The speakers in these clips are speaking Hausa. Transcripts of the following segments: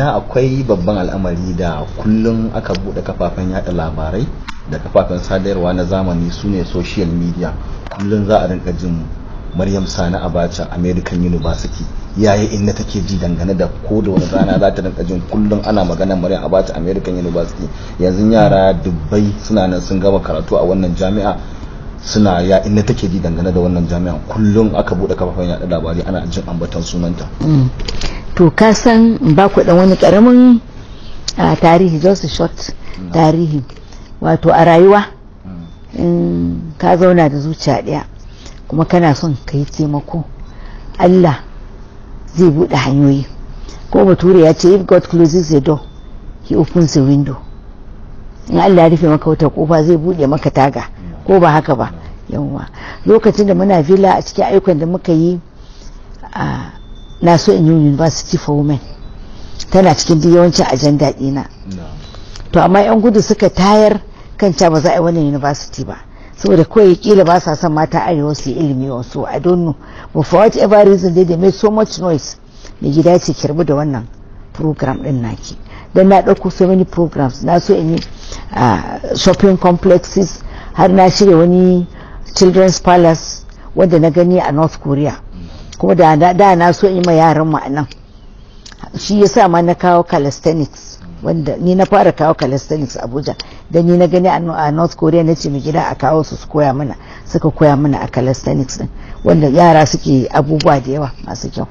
Ina akwai babban al'amari da kullum aka buɗe kafafen yada labarai da kafafen sadarwa na zamani su ne social media kullum za a rinka jin maryam sani abacha american university yayi inda take ji dangane da ko da wani rana za ta rinka jin kullum ana magana maryam abacha american university yanzu yara dubbai suna nan sun gama karatu a wannan jami'a suna ya inda take ji dangane da wannan jami'an kullum aka bude kafafen yada labarai ana jin ambaton sunanta mm. to ka san ba ku dan wani karamin tarihi just a short mm. tarihi wato a rayuwa mm. in ka zauna da zuciya ɗaya kuma kana son ka yi taimako allah zai buɗe hanyoyi ko bature ya ce if god closes the door he opens the window in allah ya rufe maka wata kofa zai buɗe maka taga ko ba haka ba mm. yawwa lokacin da muna villa a cikin ayyukan da muka yi a na so in yi university for women tana cikin duk yawancin ajanda dina to amma yan gudu suka tayar kan ca ba za a yi wannan university ba saboda kawai kila ba sa son mata arewa su yi ilimi wasu i don't know but for whatever reason dai they made so much noise mai gida ce kirbu da wannan program din naki don na ɗauko so many programs na so in yi ah, shopping complexes har na shirya wani children's palace wanda na gani a north korea kuma da na so in ma yaran mu anan shi yasa ma na kawo calisthenics wanda ni na fara kawo calisthenics Abuja da ni na gani a North Korea na ce mu gida a kawo su su koya mana suka koya mana a calisthenics din wanda yara suke abubuwa da yawa masu kyau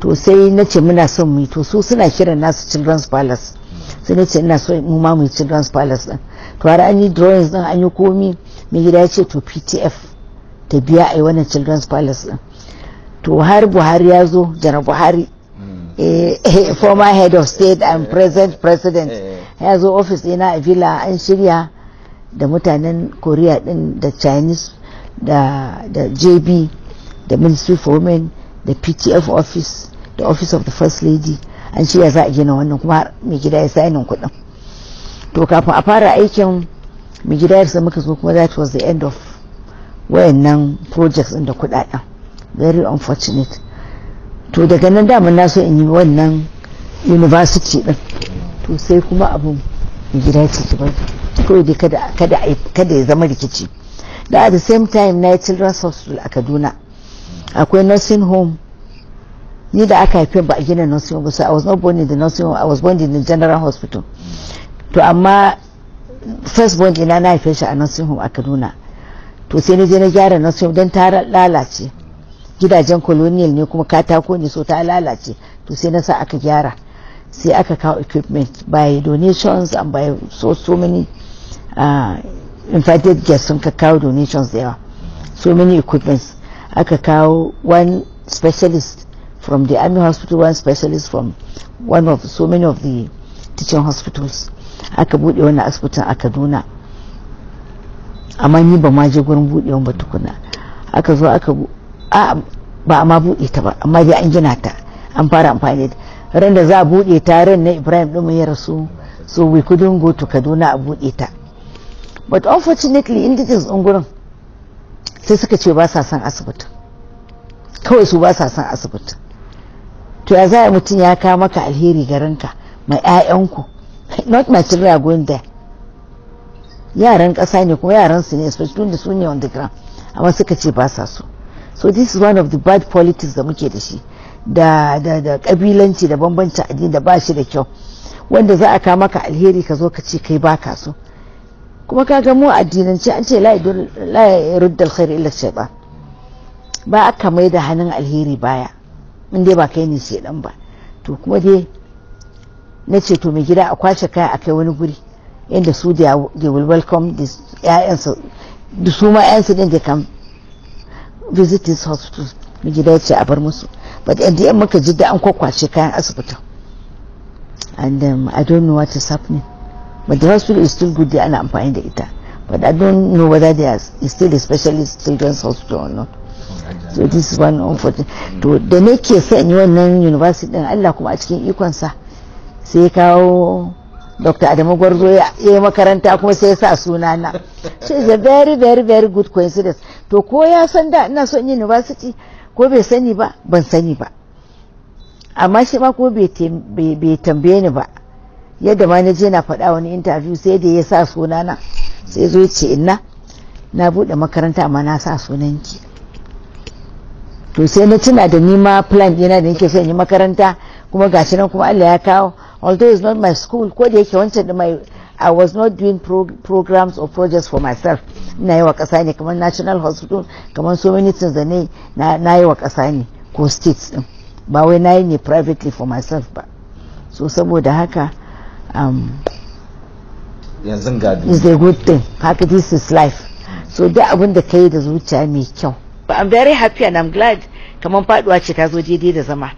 to sai na ce muna son mu to su suna kiran nasu children's palace sai na ce ina so mu ma mu children's palace din to har an yi drawings din an yi komi mai gida ya ce to PTF ta biya a yi wannan children's palace din to har buhari ya zo jana buhari hmm. eh, eh, former head of state and eh. present president ya zo office ɗina a villa an shirya da mutanen korea din da chinese da, da jb da ministry for women da ptf office da office of the first lady an shirya za a gina wannan kuma mai gida ya sainin kuɗin to kafin a fara aikin mai gida ya muka zo kuma that was the end of wayannan projects ɗin da kuɗaɗen very unfortunate to daga nan daman na so in yi wannan university din to sai kuma abun gida ce ki bari kawai dai kada kada kada ya zama rikici da at the same time na yi children's hospital a Kaduna akwai nursing home ni da aka haife ba a gina nursing home so I was not born in the nursing home I was born in the general hospital to amma first born ina na haife shi a nursing home a Kaduna to sai na je na gyara nursing home don ta lalace gidajen colonial ne kuma katako ne so ta lalace to sai na sa aka gyara sai aka kawo equipment by donations and by so so many uh, invited guests sun ka kawo donations da yawa so many equipments aka kawo one specialist from the army hospital one specialist from one of so many of the teaching hospitals aka bude wani asibitin a kaduna amma ni ba ma je gurin budewan ba tukuna aka zo aka a ba amma ma buɗe ta ba amma dai an gina ta an fara amfani da ran da za a buɗe ta ran na ibrahim ɗin ya rasu so we couldn't go to kaduna a buɗe ta but unfortunately indigenous ɗin gurin sai suka ce ba sa son asibiti kawai su ba sa son asibiti to ya zaya mutum ya kawo maka alheri garinka mai 'ya'yanku not my children are going there yaran ƙasa ne kuma yaran su ne especially su ne on the ground amma suka ce ba sa so so this is one of the bad politics da muke da shi da da da kabilanci da bambancin addini da ba shi da kyau wanda za a ka maka alheri ka zo ka ce kai baka so kuma ka ga mu addinance an ce la ruddal khair illa shaytan ba aka mai da hannun alheri baya in dai ba kai ne dan ba to kuma dai na ce to mai gida a kwashe kaya a kai wani guri inda su da they will welcome this ƴaƴansu da su ma ƴaƴansu din da can visiting hospital gida ya ce a bar musu but at the end muka ji da an kwakwace kayan asibitin and um, I don't know what is happening but the hospital is still good dai ana amfani da ita but I don't know whether they are still a specialist children's hospital or not so this is one unfortunate to da nake son wannan university din Allah kuma a cikin ikonsa sai kawo dr adamu gwarzo ya yi makaranta kuma sai ya sa suna na so is a very very very good coincidence to ko ya san da ina son university ko bai sani ba ban sani ba amma shi ma ko bai tambaye ni ba yadda ma na je na faɗa wani interview sai da ya sa suna na sai zo ce inna na buɗe makaranta amma na sa sunan ki to sai na tuna da ni ma plan ɗina da nake son yi makaranta kuma gashi nan kuma Allah ya kawo although it's not my school kodayake wancan da mai I was not doing pro programs or projects for myself na yi wa ƙasa ne kamar national hospital kamar so many things da na yi wa ƙasa ne ko states din ba wai na yi ne privately for myself ba so saboda haka um, yanzu ga is a good thing haka this is life so duk abin da ka yi da zuciya mai kyau but I'm very happy and I'm glad kamar faduwa ce ta zo daidai da zama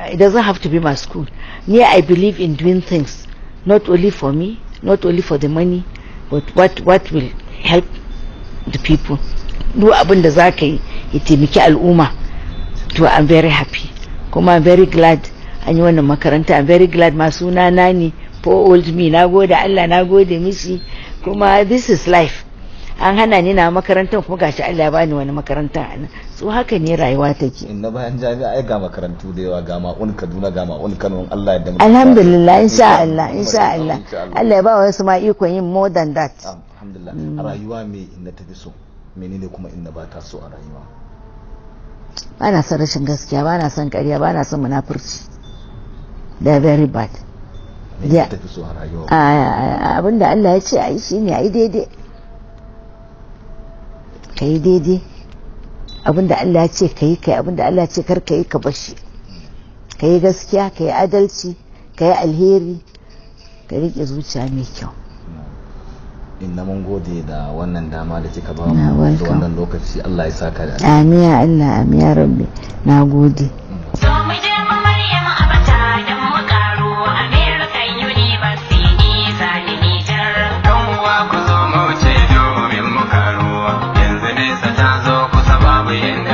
it doesn't have to be my school Here I believe in doing things, not only for me, not only for the money, but what, what will help the people. Do abin da za ka yi ya I'm very happy. Kuma I'm very glad an yi wannan makaranta. I'm very glad masu na ne, poor old me, na gode Allah, na gode misi. Kuma this is life. an hana ni na makarantar kuma gashi Allah ya bani wani makarantar nan so haka ne rayuwa take in na bayan jami'a ai ga makarantu da yawa ga ma'un Kaduna ga ma'un Kano in Allah ya damu alhamdulillah insha Allah insha Allah Allah ya ba wasu ma ikon yin more than that alhamdulillah mm. rayuwa me in na tafi so menene kuma in na ba ta so a rayuwa ba na son rashin gaskiya ba na son ƙarya ba na son munafurci da very bad abinda ah, ah, ah, Allah ya ce a yi shine a yi daidai ka yi daidai abinda Allah ya ce ka yi ka yi abinda Allah ya ce kar ka yi ka bashi ka yi gaskiya ka yi adalci ka yi alheri ka riƙe zuciya mai kyau inna mun gode da wannan dama da kika ba mu da wannan lokaci Allah ya saka da amiya Allah amiya rabbi na gode Probably in